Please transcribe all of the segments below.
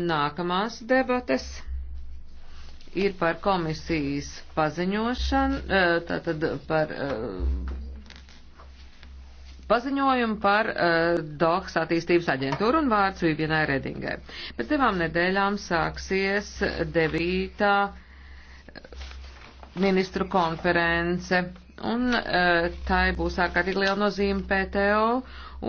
Nākamās debates ir par komisijas paziņošanu, eh, tātad par eh, paziņojumu par eh, DOKS attīstības aģentūru un vārds Vivienai Redingai. Pēc divām nedēļām sāksies devītā ministru konference un eh, tai būs ārkārtīgi liela nozīme PTO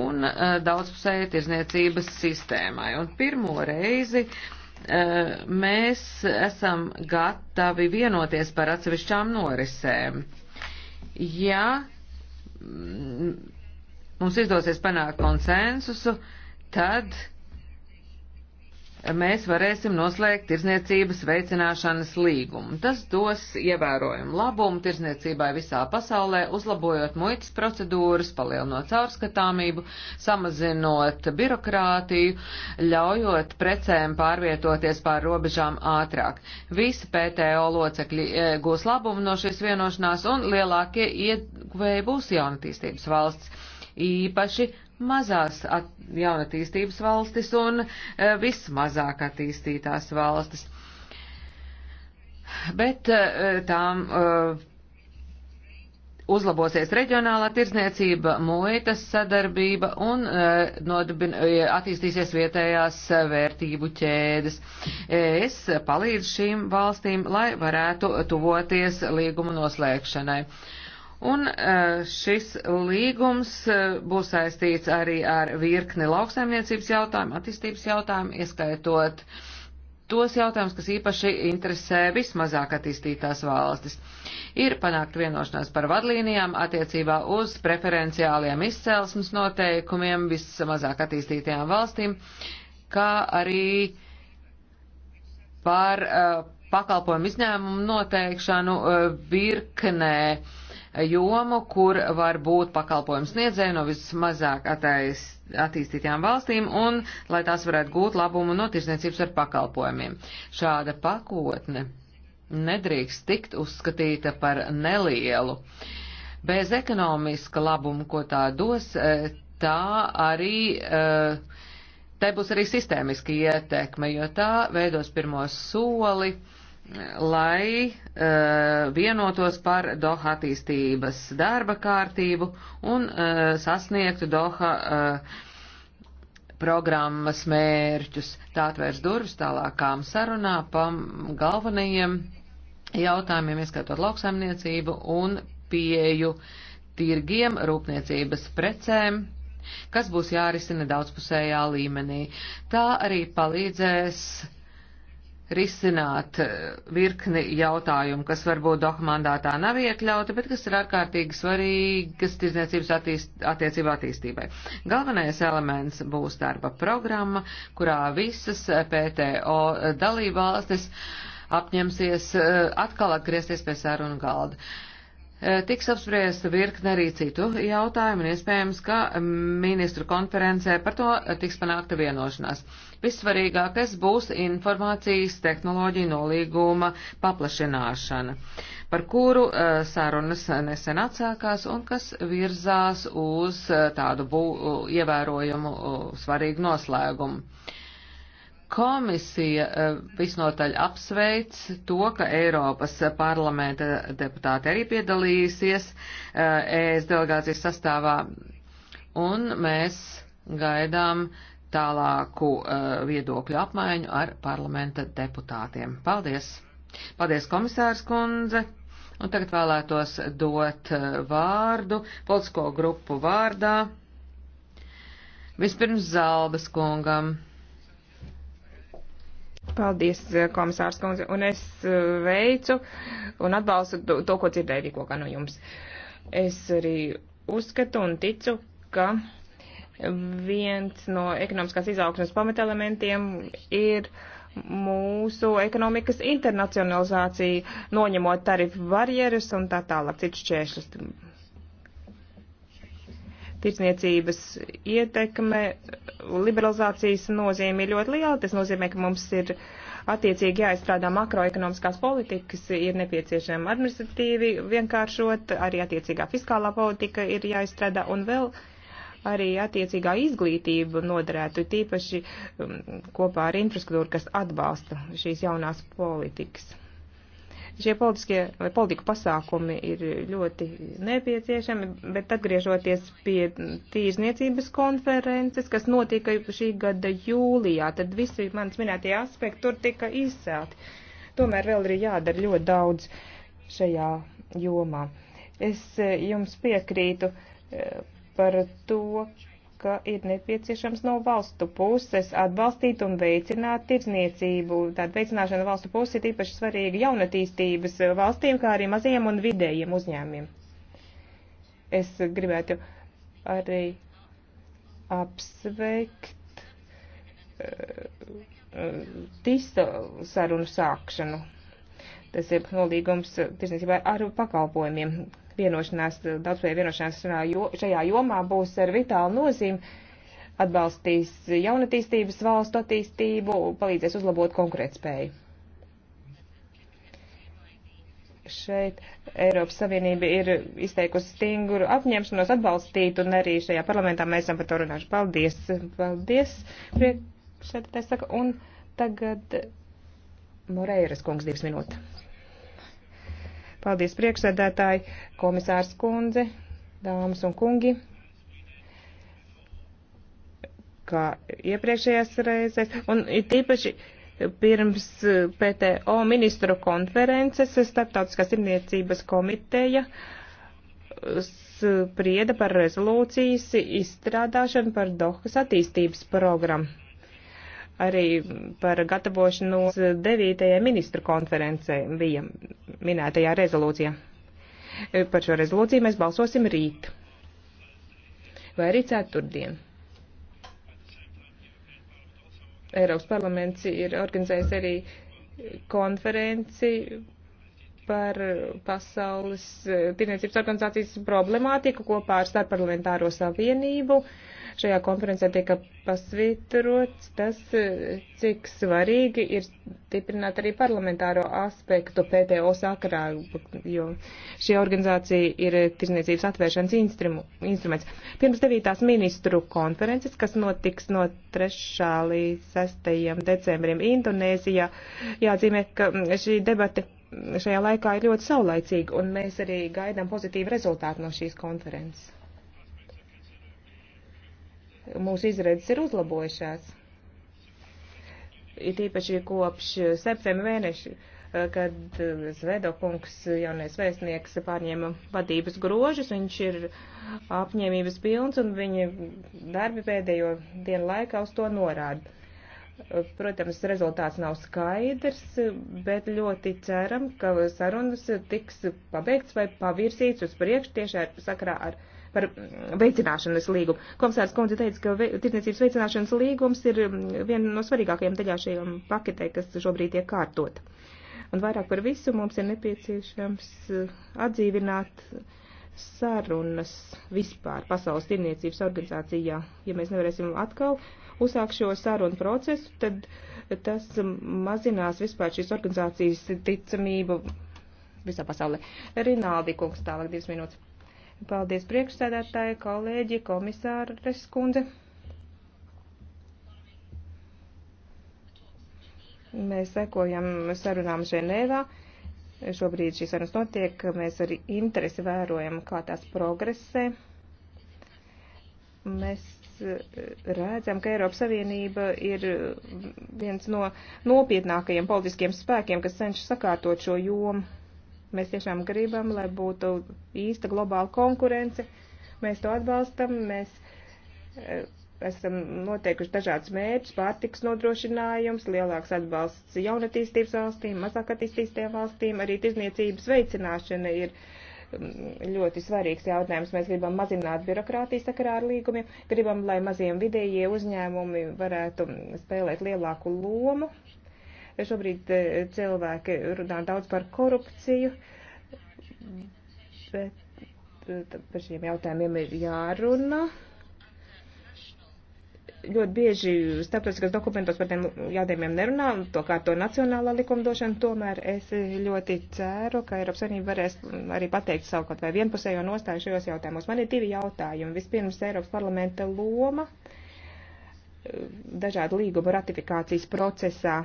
un eh, daudzpusēja tirzniecības sistēmai. Un pirmo reizi eh, mēs esam gatavi vienoties par atsevišķām norisēm. Ja mm, mums izdosies panākt konsensusu, tad uh, mēs varēsim noslēgt tirzniecības veicināšanas līgumu. Tas dos ievērojumu labumu tirzniecībai visā pasaulē, uzlabojot muitas procedūras, palielinot caurskatāmību, samazinot birokrātiju, ļaujot precēm pārvietoties pār robežām ātrāk. Visi PTO locekļi eh, gūs labumu no šīs vienošanās un lielākie ieguvēji būs jaunatīstības valsts īpaši mazās at, jaunatīstības valstis un e, vismazāk attīstītās valstis. Bet e, tām e, uzlabosies reģionālā tirdzniecība, muitas sadarbība un nodibin, attīstīsies vietējās vērtību ķēdes. Es palīdzu šīm valstīm, lai varētu tuvoties līguma noslēgšanai. Uh, Un eh, šis līgums eh, būs saistīts arī ar virkni lauksaimniecības jautājumu, attīstības jautājumu, ieskaitot tos jautājumus, kas īpaši interesē vismazāk attīstītās valstis. Ir panākt vienošanās par vadlīnijām attiecībā uz preferenciāliem izcelsmes noteikumiem vismazāk attīstītajām valstīm, kā arī par uh, pakalpojumu izņēmumu noteikšanu uh, virknē uh, jomu, kur var būt pakalpojums sniedzēju no vismazāk attais, attīstītām valstīm un lai tās varētu gūt labumu no tirsniecības ar pakalpojumiem. Šāda pakotne nedrīkst tikt uzskatīta par nelielu. Bez ekonomiska labuma, ko tā dos, e, tā arī, e, tai būs arī sistēmiska ietekme, jo tā veidos pirmos soli lai uh, vienotos par Doha attīstības darba kārtību un uh, sasniegtu Doha uh, programmas mērķus. Tā atvērs durvis tālākām sarunām par galvenajiem jautājumiem, ieskatot lauksaimniecību un pieju tirgiem, rūpniecības precēm kas būs jārisina daudzpusējā līmenī. Tā arī palīdzēs uh, risināt eh, virkni jautājumu, kas varbūt doha mandātā nav iekļauti, bet kas ir ārkārtīgi svarīgas tirdzniecības attīst, attiecību attīstībai. Galvenais elements būs darba programma, kurā visas PTO dalībvalstis apņemsies eh, atkal atgriezties pie sarunu galda. Eh, tiks apspriesta virkne arī citu jautājumu, un iespējams, ka ministru konferencē par to tiks panākta vienošanās. Vissvarīgākais būs informācijas tehnoloģija nolīguma paplašināšana, par kuru eh, sarunas nesen atsākās un kas virzās uz eh, tādu bū, eh, ievērojumu svarīgu noslēgumu komisija visnotaļ apsveic to, ka Eiropas parlamenta deputāti arī piedalīsies ES e delegācijas sastāvā, un mēs gaidām uh, tālāku uh, viedokļu apmaiņu ar parlamenta deputātiem. Paldies! Paldies, komisārs kundze! Un tagad vēlētos dot eh, vārdu politisko grupu vārdā. Vispirms Zalbas kungam. Paldies, eh, komisārs kundze, un es veicu un atbalstu to, to ko dzirdēju tikko no jums. Es arī uzskatu un ticu, ka viens no ekonomiskās izaugsmes pamatelementiem ir mūsu ekonomikas internacionalizācija, noņemot tarifu barjeras un tā tālāk, citu šķēršļus. Tirsniecības ietekme liberalizācijas nozīme ir ļoti liela. Tas nozīmē, ka mums ir attiecīgi jāizstrādā makroekonomiskās politikas, ir nepieciešama administratīvi vienkāršot, arī attiecīgā fiskālā politika ir jāizstrādā un vēl uh, arī attiecīgā izglītība noderētu, tīpaši um, kopā ar infrastruktūru, kas atbalsta šīs jaunās politikas. Šie politiskie vai politiku pasākumi ir ļoti nepieciešami, bet atgriežoties pie tīrzniecības konferences, kas notika šī gada jūlijā, tad visi manas minētie aspekti tur tika izcelti. Tomēr vēl ir jādara ļoti daudz šajā jomā. Es eh, jums piekrītu eh, par to, ka ir nepieciešams no valstu puses atbalstīt un veicināt tirdzniecību. Tāda veicināšana valstu puses ir īpaši svarīga jaunatīstības valstīm, kā arī mazajiem un vidējiem uzņēmiem. Es gribētu arī apsveikt uh, eh, tisa sarunu sākšanu. Tas ir nolīgums tirdzniecībā ar pakalpojumiem, vienošanās, daudzpēja vienošanās šajā jomā būs ar vitālu nozīmi atbalstīs jaunatīstības valstu attīstību, palīdzēs uzlabot konkurētspēju. Šeit Eiropas Savienība ir izteikusi stingru apņemšanos atbalstīt, un arī šajā parlamentā mēs esam par to runājuši. Paldies, paldies, priekšsēdētājs saka, un tagad Moreiras kungs divas minūtes. Paldies priekšsēdētāji, komisārs kundze, dāmas un kungi. Kā iepriekšējās reizēs, un it īpaši pirms PTO ministru konferences Startautiskās tirniecības komiteja sprieda par rezolūcijas izstrādāšanu par Dohas attīstības programmu arī par gatavošanos 9. ministru konferencē bija minētajā rezolūcijā. Par šo rezolūciju mēs balsosim rīt vai arī ceturtdien. Eiropas parlaments ir organizējis arī konferenci par Pasaules eh, tirniecības organizācijas problemātiku kopā ar Starparlamentāro savienību. Šajā konferencē tika pasvītrots tas, eh, cik svarīgi ir stiprināt arī parlamentāro aspektu PTO sakarā, jo šī organizācija ir tirniecības atvēršanas instruments. Pirms devītās ministru konferences, kas notiks no 3. līdz 6. decembrim Indonēzijā, jāatzīmē, ka šī debata šajā laikā ir ļoti saulaicīga, un mēs arī gaidām pozitīvu rezultātu no šīs konferences. Mūsu izredzes ir uzlabojušās. Ir tīpaši kopš septembra mēneša, eh, kad eh, Zvedokungs, jaunais vēstnieks, pārņēma vadības grožus, viņš ir apņēmības pilns, un viņa darbi pēdējo dienu laikā uz to norāda Protams, rezultāts nav skaidrs, bet ļoti ceram, ka sarunas tiks pabeigts vai pavirsīts uz priekšu tieši ar, sakrā ar par veicināšanas līgumu. Komisārs Kundze teica, ka vei, tirdzniecības veicināšanas līgums ir viena no svarīgākajiem daļā šajām paketē, kas šobrīd tiek kārtot. Un vairāk par visu mums ir nepieciešams atdzīvināt sarunas vispār pasaules tirniecības organizācijā, ja mēs nevarēsim atkal uh, uzsāk šo sarunu procesu, tad tas mazinās vispār šīs organizācijas ticamību visā pasaulē. Rinaldi kungs tālāk divas minūtes. Paldies priekšsēdētāji, kolēģi, komisāres kundze. Mēs sekojam sarunām Ženēvā. Šobrīd šīs sarunas notiek, mēs arī interesi vērojam, kā tās progresē. Mēs redzam, ka Eiropas Savienība ir viens no nopietnākajiem politiskiem spēkiem, kas cenšas sakārtot šo jomu. Mēs tiešām gribam, lai būtu īsta globāla konkurence. Mēs to atbalstam. Mēs eh, esam noteikuši dažādus mērķus, pārtiks nodrošinājums, lielāks atbalsts jaunatīstības valstīm, mazāk attīstītiem valstīm, arī tirzniecības veicināšana ir uh, ļoti svarīgs jautājums. Mēs gribam mazināt birokrātiju sakarā ar līgumiem, gribam, lai maziem vidējie uzņēmumi varētu spēlēt lielāku lomu. Šobrīd eh, cilvēki runā daudz par korupciju, bet eh, par šiem jautājumiem ir jārunā ļoti bieži starptautiskos dokumentos par tiem jādējumiem nerunā, to kā to nacionālā likumdošana, tomēr es ļoti ceru, ka Eiropas Savienība varēs arī pateikt savu kaut vai vienpusējo nostāju šajos jautājumos. Man ir divi jautājumi. Vispirms Eiropas parlamenta loma eh, dažādu līgumu ratifikācijas procesā.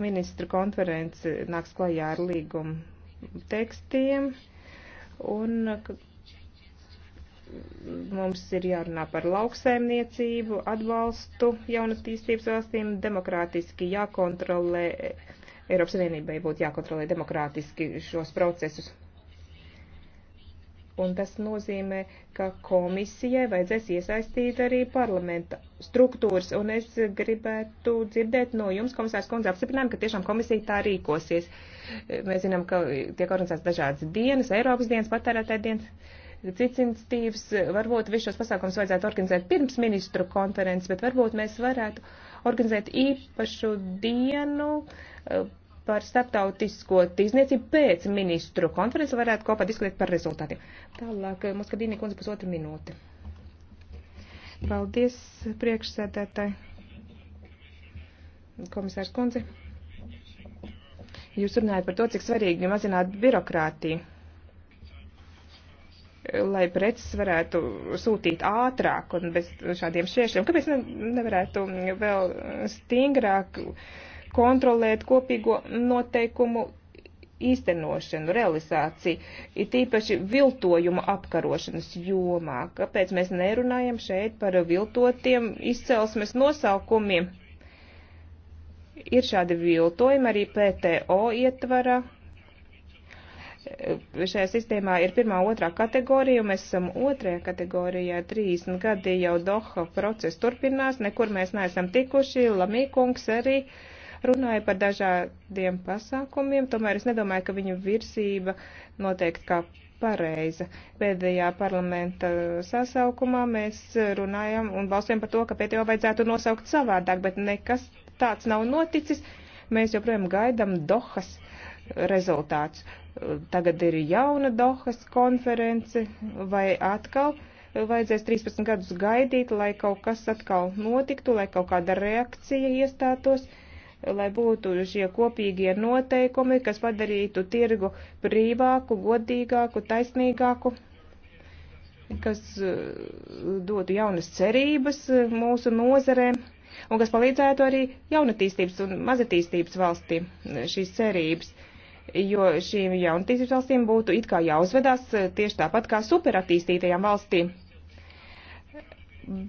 Ministru konference nāks klajā ar līgumu tekstiem un mums ir jārunā par lauksaimniecību, atbalstu jaunatīstības valstīm, demokrātiski jākontrolē, Eiropas Savienībai būtu jākontrolē demokrātiski šos procesus. Un tas nozīmē, ka komisijai vajadzēs iesaistīt arī parlamenta struktūras, un es gribētu dzirdēt no jums, komisārs kundze, apstiprinājumu, ka tiešām komisija tā rīkosies. Mēs zinām, ka tiek organizēts dažādas dienas, Eiropas dienas, patērētāja dienas cits institīvs. Varbūt visus šos pasākums vajadzētu organizēt pirms ministru konferences, bet varbūt mēs varētu organizēt īpašu dienu eh, par starptautisko tīzniecību pēc ministru konferences, varētu kopā diskutēt par rezultātiem. Tālāk, eh, Moskadīnī kundze, pusotra minūte. Paldies, priekšsēdētāji. Komisārs kundze. Jūs runājat par to, cik svarīgi mazināt birokrātiju lai preces varētu sūtīt ātrāk un bez šādiem šķēršļiem. Kāpēc ne, nevarētu vēl stingrāk kontrolēt kopīgo noteikumu īstenošanu, realizāciju, ir tīpaši viltojuma apkarošanas jomā? Kāpēc mēs nerunājam šeit par viltotiem izcelsmes nosaukumiem? Ir šādi viltojumi arī PTO ietvara šajā sistēmā ir pirmā, otrā kategorija, un mēs esam otrajā kategorijā. 30 gadi jau Doha process turpinās, nekur mēs neesam tikuši. Lamīkungs arī runāja par dažādiem pasākumiem, tomēr es nedomāju, ka viņu virsība noteikti kā pareiza. Pēdējā parlamenta sasaukumā mēs runājam un balsojam par to, ka pēdējo vajadzētu nosaukt savādāk, bet nekas tāds nav noticis. Mēs joprojām gaidam Dohas. Uh, rezultāts. Tagad ir jauna Dohas konference vai atkal vajadzēs 13 gadus gaidīt, lai kaut kas atkal notiktu, lai kaut kāda reakcija iestātos, lai būtu šie kopīgie noteikumi, kas padarītu tirgu brīvāku, godīgāku, taisnīgāku, kas uh, dotu jaunas cerības uh, mūsu nozarēm un kas palīdzētu arī jaunatīstības un mazatīstības valstīm uh, šīs cerības jo šīm jaunatīstības valstīm būtu it kā jāuzvedās eh, tieši tāpat kā superattīstītajām valstīm.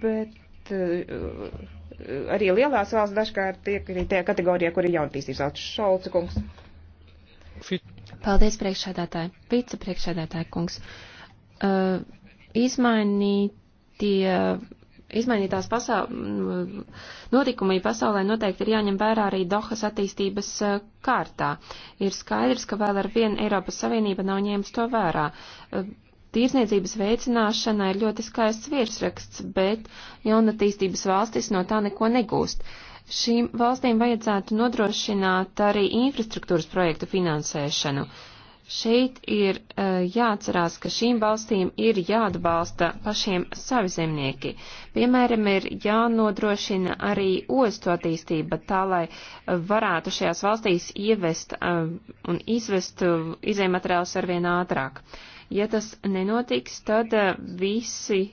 Bet eh, arī lielās valsts dažkārt tiek arī tajā kategorijā, kur ir jaunatīstības valsts. Šolca kungs. Paldies, priekšsēdētāji. Vicepriekšsēdētāji kungs. Uh, izmainītie izmainītās pasaul... notikumī pasaulē noteikti ir jāņem vērā arī Dohas attīstības e, kārtā. Ir skaidrs, ka vēl ar vienu Eiropas Savienība nav ņēmis to vērā. E, Tīrzniecības veicināšana ir ļoti skaists virsraksts, bet jaunatīstības valstis no tā neko negūst. Šīm valstīm vajadzētu nodrošināt arī infrastruktūras projektu finansēšanu. Uh, Šeit ir uh, jāatcerās, ka šīm valstīm ir jāatbalsta pašiem savi zemnieki. Piemēram, ir jānodrošina arī ostu attīstība tā, lai eh, varētu šajās valstīs ievest uh, un izvest uh, izējumateriālus arvien ātrāk. Ja tas nenotiks, tad visi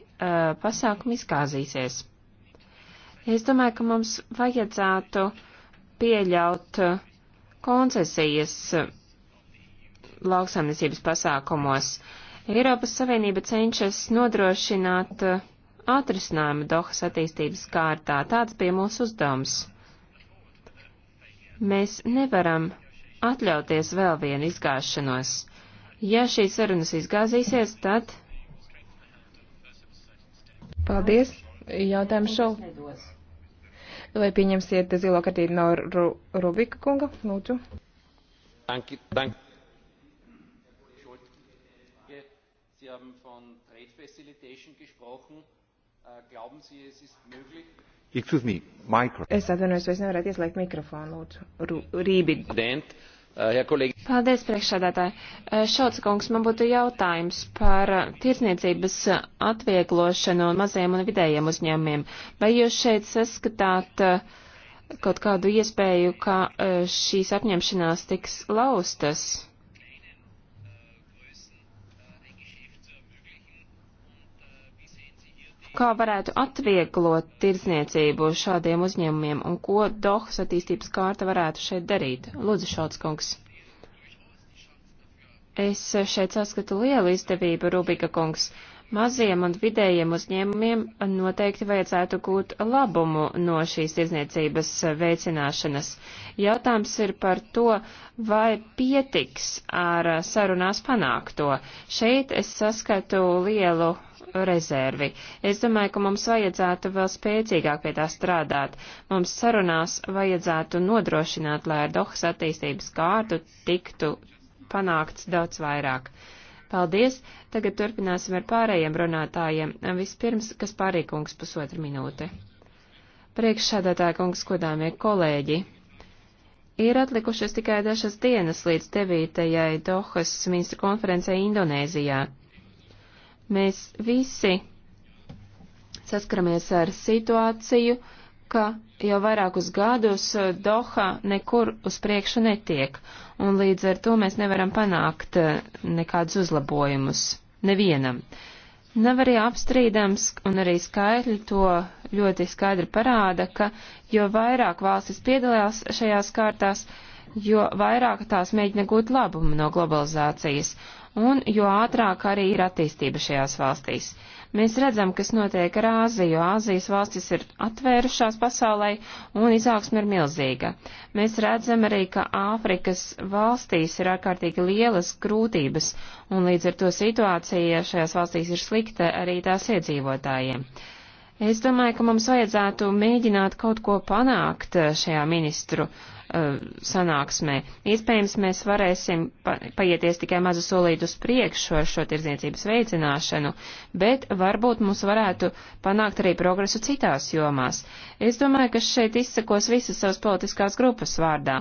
pasākumi izgāzīsies. Es domāju, ka mums vajadzētu pieļaut koncesijas lauksaimniecības pasākumos. Eiropas Savienība cenšas nodrošināt uh, atrisinājumu Dohas attīstības kārtā. Tāds bija mūsu uzdevums. Mēs nevaram atļauties vēl vienu izgāšanos. Ja šīs sarunas izgāzīsies, tad. Paldies. Jautājums šo. Vai pieņemsiet zilo kartīti no Rubika kunga? Lūdzu. Thank you, thank you. Sie haben von Trade Facilitation gesprochen. Äh, glauben Sie, es ist möglich? Excuse me, micro. Es atvainojos, vai es nevarētu ieslēgt mikrofonu, lūdzu, rībīgi. Äh, Paldies, priekšsādātāji. Äh, Šauts kungs, man būtu jautājums par tirsniecības atvieglošanu mazajiem un vidējiem uzņēmumiem. Vai jūs šeit saskatāt kaut kādu iespēju, ka šīs apņemšanās tiks laustas? kā varētu atvieglot tirdzniecību šādiem uzņēmumiem un ko Dohas attīstības kārta varētu šeit darīt. Lūdzu, Šaltskungs. Es šeit saskatu lielu izdevību, Rubika kungs. Maziem un vidējiem uzņēmumiem noteikti vajadzētu gūt labumu no šīs tirdzniecības veicināšanas. Jautājums ir par to, vai pietiks ar sarunās panākto. Šeit es saskatu lielu rezervi. Es domāju, ka mums vajadzētu vēl spēcīgāk pie tā strādāt. Mums sarunās vajadzētu nodrošināt, lai ar Dohas attīstības kārtu tiktu panākts daudz vairāk. Paldies! Tagad turpināsim ar pārējiem runātājiem. Vispirms, kas pārīkungs pusotra minūte. Priekšsādātāja kungs, godāmie kolēģi! Ir atlikušas tikai dažas dienas līdz 9. Dohas ministra konferencei Indonēzijā. Mēs visi saskaramies ar situāciju, ka jau vairākus gadus eh, Doha nekur uz priekšu netiek, un līdz ar to mēs nevaram panākt eh, nekādus uzlabojumus nevienam. Nav arī apstrīdams, un arī skaitļi to ļoti skaidri parāda, ka jo vairāk valstis piedalās šajās kārtās, jo vairāk tās mēģina gūt labumu no globalizācijas, un jo ātrāk arī ir attīstība šajās valstīs. Mēs redzam, kas notiek ar Āziju. Āzijas valstis ir atvērušās pasaulē un izaugsme ir milzīga. Mēs redzam arī, ka Āfrikas valstīs ir ārkārtīgi lielas grūtības un līdz ar to situācija šajās valstīs ir slikta arī tās iedzīvotājiem. Uh, Es domāju, ka mums vajadzētu mēģināt kaut ko panākt eh, šajā ministru uh, sanāksmē. Iespējams, mēs varēsim pa paieties tikai mazu solītu uz priekšu ar šo tirdzniecības veicināšanu, bet varbūt mums varētu panākt arī progresu citās jomās. Es domāju, ka šeit izsakos visas savas politiskās grupas vārdā.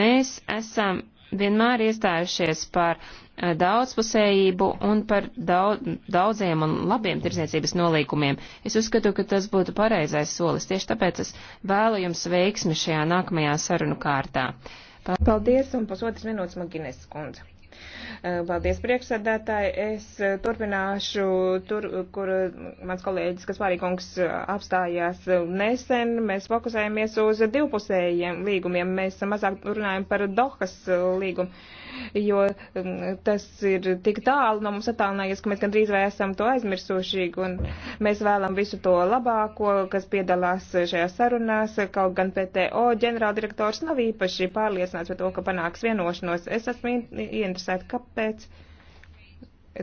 Mēs esam vienmēr iestājušies par eh, daudzpusējību un par daudziem un labiem tirsniecības nolīkumiem. Es uzskatu, ka tas būtu pareizais solis. Tieši tāpēc es vēlu jums veiksmi šajā nākamajā sarunu kārtā. Paldies un pusotras minūtes Magineses kundze. Eh, paldies, priekšsēdētāji. Es eh, turpināšu tur, kur eh, mans kolēģis Kaspārīkungs apstājās nesen. Mēs fokusējamies uz divpusējiem līgumiem. Mēs mazāk runājam par Dohas līgumu, jo mm, tas ir tik tālu no mums attālinājies, ka mēs gandrīz vai esam to aizmirsuši. Un mēs vēlam visu to labāko, kas piedalās šajā sarunās. Kaut gan PTO ģenerāldirektors nav īpaši pārliecināts par to, ka panāks vienošanos. Es esmu interesēts interesēti, kāpēc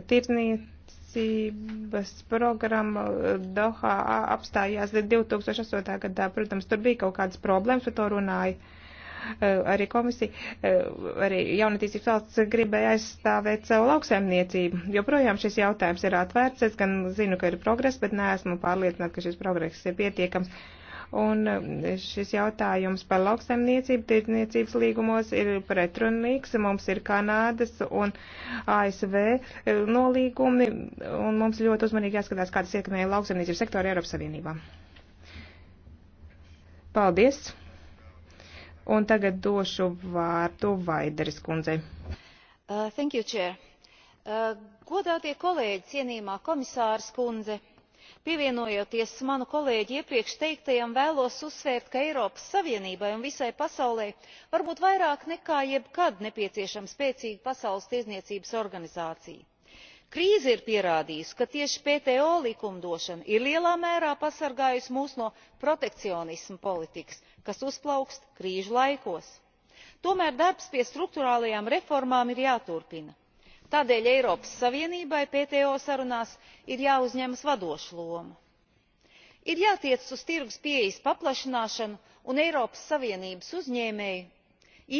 tirniecības programma eh, Dohā apstājās 2008. gadā. Protams, tur bija kaut kādas problēmas, par to runāja eh, arī komisija, eh, arī jaunatīstības valsts gribēja aizstāvēt savu lauksaimniecību. Joprojām šis jautājums ir atvērts, es gan zinu, ka ir progress, bet neesmu pārliecināta, ka šis progress ir pietiekams. Un um, šis jautājums par lauksaimniecību tirdzniecības līgumos ir pretrunīgs. Mums ir Kanādas un ASV um, nolīgumi, un mums ļoti uzmanīgi jāskatās, kādas ietekmē lauksaimniecības sektoru Eiropas Savienībā. Paldies! Un tagad došu vārdu Vaideris kundzei. Uh, thank you, Chair. Uh, godātie kolēģi, cienījumā komisārs kundze, pievienojoties manu kolēģi iepriekš teiktajam vēlos uzsvērt ka eiropas savienībai un visai pasaulei varbūt vairāk nekā jebkad nepieciešama spēcīga pasaules tirdzniecības organizācija. krīze ir pierādījusi ka tieši pto likumdošana ir lielā mērā pasargājusi mūs no protekcionisma politikas kas uzplaukst krīžu laikos. tomēr darbs pie struktūrālajām reformām ir jāturpina tādēļ eiropas savienībai pto sarunās ir jāuzņemas vadoša loma. ir jātiec uz tirgus pieejas paplašināšanu un eiropas savienības uzņēmēju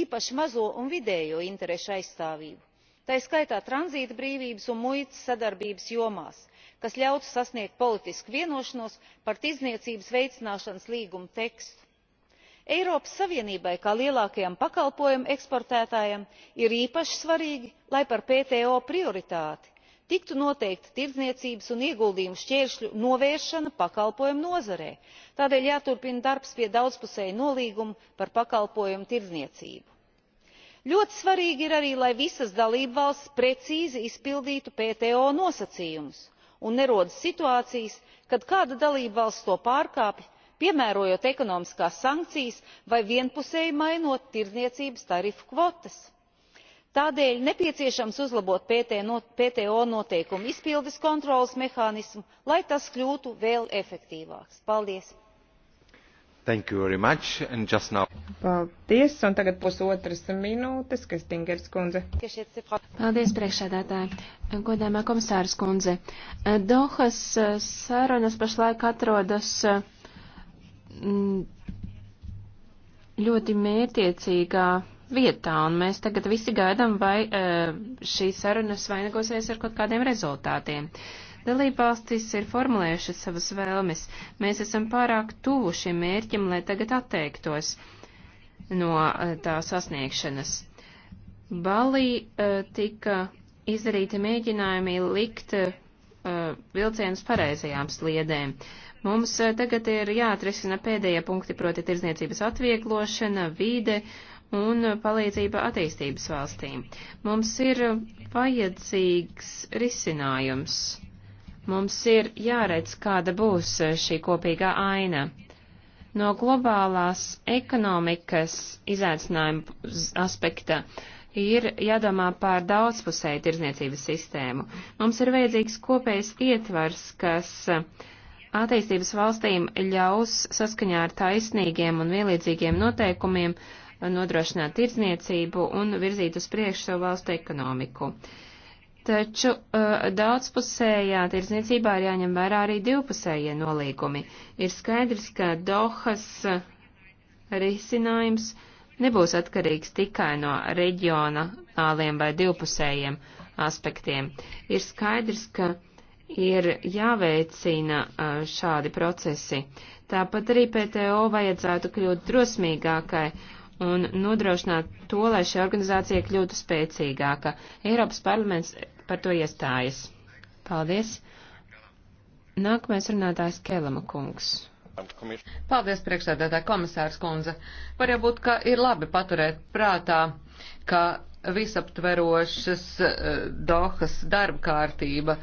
īpaši mazo un vidējo interešu aizstāvību tai skaitā tranzīta brīvības un muitas sadarbības jomās kas ļautu sasniegt politisku vienošanos par tirdzniecības veicināšanas līguma tekstu eiropas savienībai kā lielākajam pakalpojumu eksportētājam ir īpaši svarīgi lai par pto prioritāti tiktu noteikti tirdzniecības un ieguldījumu šķēršļu novēršana pakalpojumu nozarē tādēļ jāturpina darbs pie daudzpusēja nolīguma par pakalpojumu tirdzniecību. ļoti svarīgi ir arī lai visas dalībvalstis precīzi izpildītu pto nosacījumus un nerodas situācijas kad kāda dalībvalsts to pārkāpj piemērojot ekonomiskās sankcijas vai vienpusēji mainot tirdzniecības tarifu kvotas. tādēļ nepieciešams uzlabot pto noteikumu izpildes kontroles mehānismu lai tas kļūtu vēl efektīvāks. paldies! Paldies, un tagad pusotras minūtes, kas Tingers kundze. Paldies, priekšsēdētāji. Godājumā komisāras kundze. Dohas sarunas pašlaik atrodas. Mm, ļoti mērtiecīgā vietā, un mēs tagad visi gaidām, vai eh, šīs sarunas vainagosies ar kaut kādiem rezultātiem. Dalībvalstis ir formulējušas savas vēlmes. Mēs esam pārāk tuvu šim mērķim, lai tagad atteiktos no eh, tā sasniegšanas. Balī eh, tika izdarīti mēģinājumi likt Eh, vilcienus pareizajām sliedēm. Mums eh, tagad ir jāatrisina pēdējie punkti, proti tirzniecības atvieglošana, vīde un palīdzība attīstības valstīm. Mums ir vajadzīgs risinājums. Mums ir jāredz, kāda būs eh, šī kopīgā aina. No globālās ekonomikas izaicinājuma aspekta uh, ir jādomā par daudzpusēju tirzniecības sistēmu. Mums ir vajadzīgs kopējs ietvars, kas attīstības valstīm ļaus saskaņā ar taisnīgiem un vienlīdzīgiem noteikumiem nodrošināt tirdzniecību un virzīt uz priekšu savu valstu ekonomiku. Taču uh, daudzpusējā tirdzniecībā ir jāņem vērā arī divpusējie nolīgumi. Ir skaidrs, ka Dohas uh, risinājums uh, nebūs atkarīgs tikai no reģionāliem vai divpusējiem aspektiem. Ir skaidrs, ka ir jāveicina šādi procesi. Tāpat arī PTO vajadzētu kļūt drosmīgākai un nodrošināt to, lai šī organizācija kļūtu spēcīgāka. Eiropas parlaments par to iestājas. Paldies! Nākamais runātājs Kelama kungs. Paldies, priekšsēdētāja komisārs kundze. Var jau būt, ka ir labi paturēt prātā, ka visaptverošas eh, Dohas darba kārtība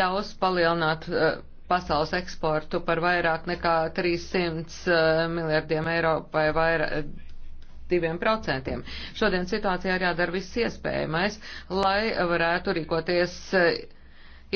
ļaus palielināt eh, pasaules eksportu par vairāk nekā 300 eh, miljardiem eiro vai vairāk. 2%. Šodien situācijā ir jādara viss iespējamais, lai varētu rīkoties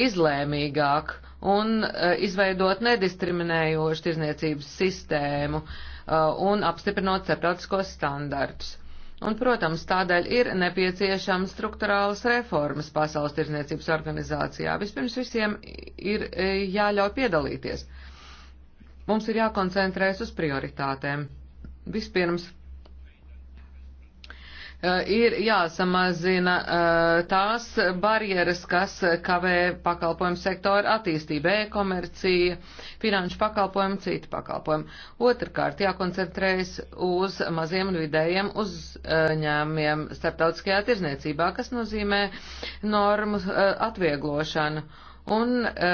izlēmīgāk un eh, izveidot nediskriminējošu tirzniecības sistēmu eh, un apstiprinot starptautiskos standartus. Un, protams, tādēļ ir nepieciešams struktūrālas reformas Pasaules tirzniecības organizācijā. Vispirms visiem ir eh, jāļauj piedalīties. Mums ir jākoncentrēs uz prioritātēm. Vispirms Eh, ir jāsamazina eh, tās barjeras, kas kavē pakalpojumu sektoru attīstību, e-komercija, finanšu pakalpojumu, citu pakalpojumu. Otrkārt, jākoncentrējas uz maziem un vidējiem uzņēmiem starptautiskajā tirzniecībā, kas nozīmē normu eh, atvieglošanu. Un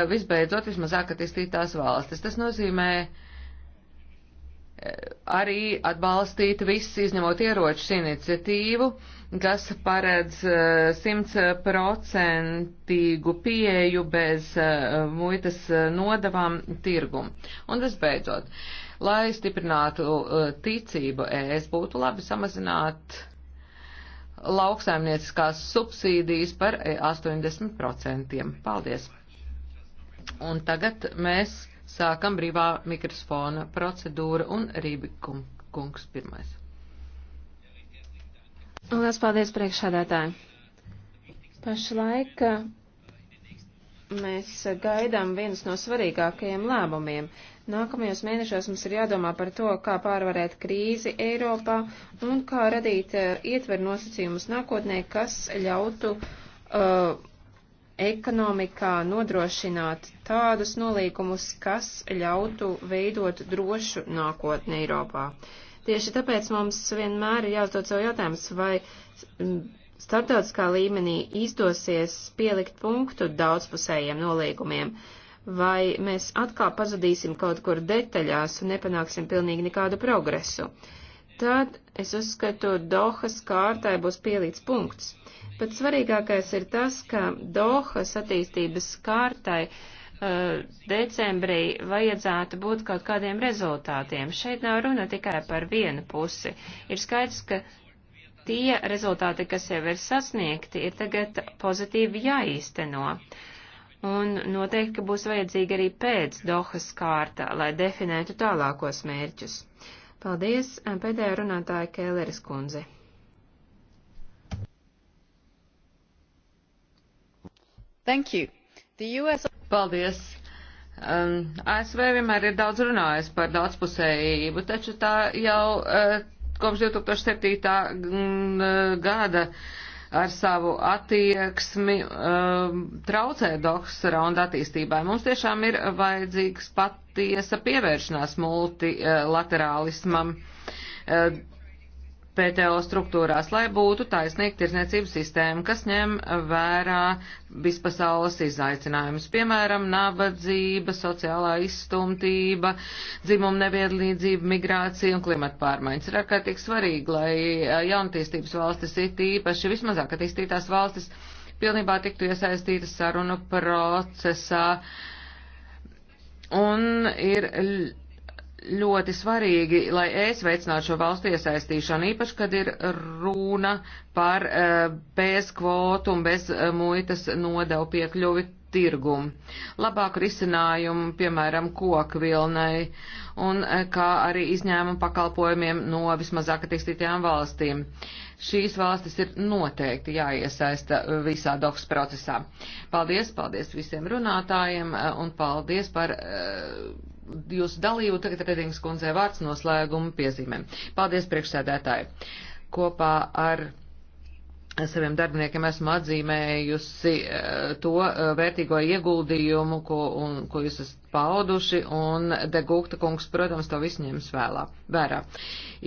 visbeidzot, vismazāk attīstītās valstis. Tas nozīmē, uh, arī atbalstīt viss izņemot ieroču iniciatīvu, kas paredz eh, simtprocentīgu pieeju bez eh, muitas eh, nodavām tirgumu. Un visbeidzot, lai stiprinātu ticību, es būtu labi samazināt lauksaimnieciskās subsīdijas par 80%. Paldies! Un tagad mēs Sākam brīvā mikrofona procedūra un Rībika kungs pirmais. Lielas paldies priekšādātāji. Pašlaik uh, mēs gaidām viens no svarīgākajiem lēmumiem. Nākamajos mēnešos mums ir jādomā par to, kā pārvarēt krīzi Eiropā un kā radīt uh, ietver nosacījumus nākotnē, kas ļautu uh, ekonomikā nodrošināt tādus nolīkumus, kas ļautu veidot drošu nākotni Eiropā. Tieši tāpēc mums vienmēr ir jāuzdod savu jautājums, vai mm, starptautiskā līmenī izdosies pielikt punktu daudzpusējiem nolīgumiem, vai mēs atkal pazudīsim kaut kur detaļās un nepanāksim pilnīgi nekādu progresu. Uh, tad es uzskatu, Dohas kārtai būs pielīdz punkts. Pat svarīgākais ir tas, ka Dohas attīstības kārtai uh, decembrī vajadzētu būt kaut kādiem rezultātiem. Šeit nav runa tikai par vienu pusi. Ir skaidrs, ka tie rezultāti, kas jau ir sasniegti, ir tagad pozitīvi jāīsteno. Un noteikti, ka būs vajadzīga arī pēc Dohas kārta, lai definētu tālākos mērķus. Uh, Paldies, pēdējā runātāja Kēleris kundze. Thank you. The US... Paldies. Um, ASV vienmēr ir daudz runājis par daudzpusējību, taču tā jau uh, kopš 2007. Mm, gada uh, ar savu attieksmi um, traucē doktoraunda attīstībai. Mums tiešām ir vajadzīgs patiesa pievēršanās multilaterālismam. Uh, PTO struktūrās, lai būtu taisnīga tirzniecības sistēma, kas ņem vērā vispasaules izaicinājumus, piemēram, nabadzība, sociālā izstumtība, dzimuma nevienlīdzība, migrācija un klimata pārmaiņas. Ir ārkārtīgi svarīgi, lai eh, jaunatīstības valstis ir tīpaši vismazāk attīstītās valstis pilnībā tiktu iesaistītas sarunu procesā. Un ir ļoti svarīgi, lai es veicinātu šo valstu iesaistīšanu, īpaši, kad ir runa par eh, bez kvotu un bez eh, muitas nodevu piekļuvi tirgumu, labāku risinājumu, piemēram, kokvilnai, un eh, kā arī izņēmumu pakalpojumiem no vismazāk attīstītajām valstīm. Šīs valstis ir noteikti jāiesaista visā doks procesā. Paldies, paldies visiem runātājiem, un paldies par. Uh, jūsu dalību. Tagad Redings kundzei vārds noslēguma piezīmēm. Paldies, priekšsēdētāji. Kopā ar saviem darbiniekiem esmu atzīmējusi eh, to eh, vērtīgo ieguldījumu, ko, un, ko jūs esat pauduši, un De Gukta kungs, protams, to visu ņems vēlā, vērā.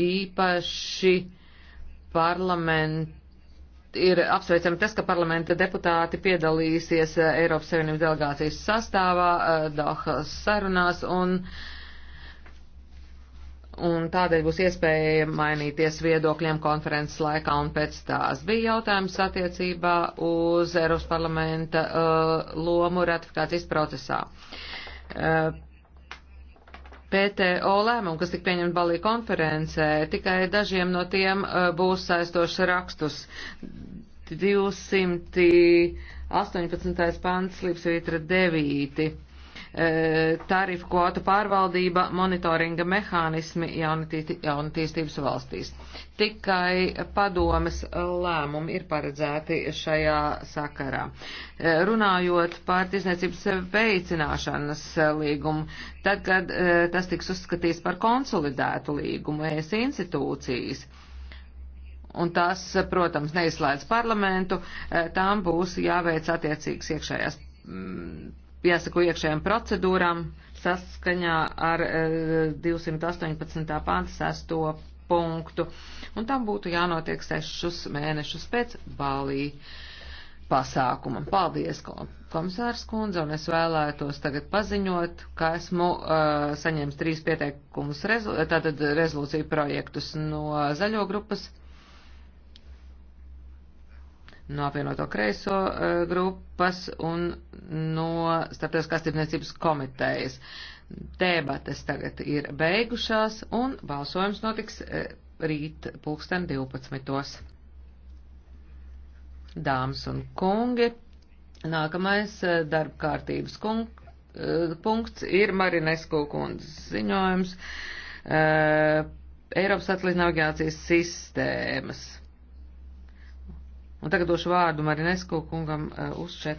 Īpaši parlament ir apsveicami tas, ka parlamenta deputāti piedalīsies eh, Eiropas Savienības delegācijas sastāvā, eh, Dahas sarunās, un, un tādēļ būs iespēja mainīties viedokļiem konferences laikā un pēc tās. Bija jautājums attiecībā uz Eiropas parlamenta uh, lomu ratifikācijas procesā. Uh, PTO lēmumu, kas tika pieņemta Balī konferencē, tikai dažiem no tiem uh, būs saistošs rakstus. 218. pants, līdz 9. E, tarifu kvotu pārvaldība, monitoringa mehānismi jaunatīstības valstīs. Tikai padomes lēmumi ir paredzēti šajā sakarā. E, runājot par tirsniecības veicināšanas līgumu, tad, kad e, tas tiks uzskatīts par konsolidētu līgumu ES institūcijas, un tas, protams, neizslēdz parlamentu, tām būs jāveic attiecīgas iekšējās jāsako iekšējām procedūrām saskaņā ar 218. pānta 6. punktu, un tam būtu jānotiek sešus mēnešus pēc Balī pasākuma. Paldies, komisārs kundze, un es vēlētos tagad paziņot, ka esmu uh, saņēmis trīs pieteikumus, rezo tātad rezolūciju projektus no zaļo grupas no apvienoto kreiso uh, grupas un no starptautiskās tirdzniecības komitejas. Debates tagad ir beigušās un balsojums notiks uh, rīt pulksten 12. Dāmas un kungi, nākamais uh, eh, darba kārtības kung, punkts ir Marinesko kundzes ziņojums Eiropas atlīdz navigācijas sistēmas. Un tagad došu vārdu Marinesku kungam eh, uz četru.